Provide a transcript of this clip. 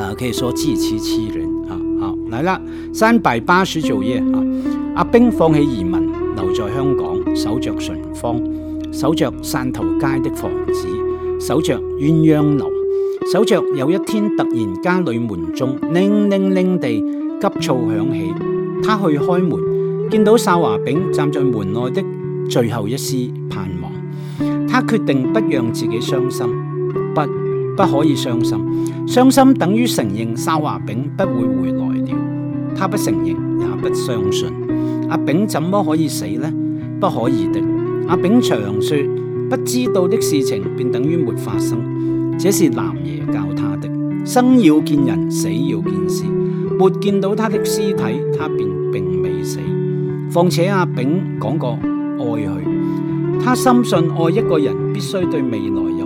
啊，可以說自欺欺人啊！好，嚟啦，三百巴士做嘢。啊，阿冰放棄移民，留在香港，守着順芳，守着汕頭街的房子，守着鴛鴦樓，守着有一天突然家裏門鐘「鈴鈴鈴」地急促響起，他去開門，見到哨牙炳站在門外的最後一絲盼望，他決定不讓自己傷心。不可以傷心，傷心等於承認哨牙炳不會回來了。他不承認，也不相信。阿炳怎麼可以死呢？不可以的。阿炳常說，不知道的事情便等於沒發生，這是南爺教他的。生要見人，死要見屍。沒見到他的屍體，他便並未死。況且阿炳講過愛佢，他深信愛一個人必須對未來有。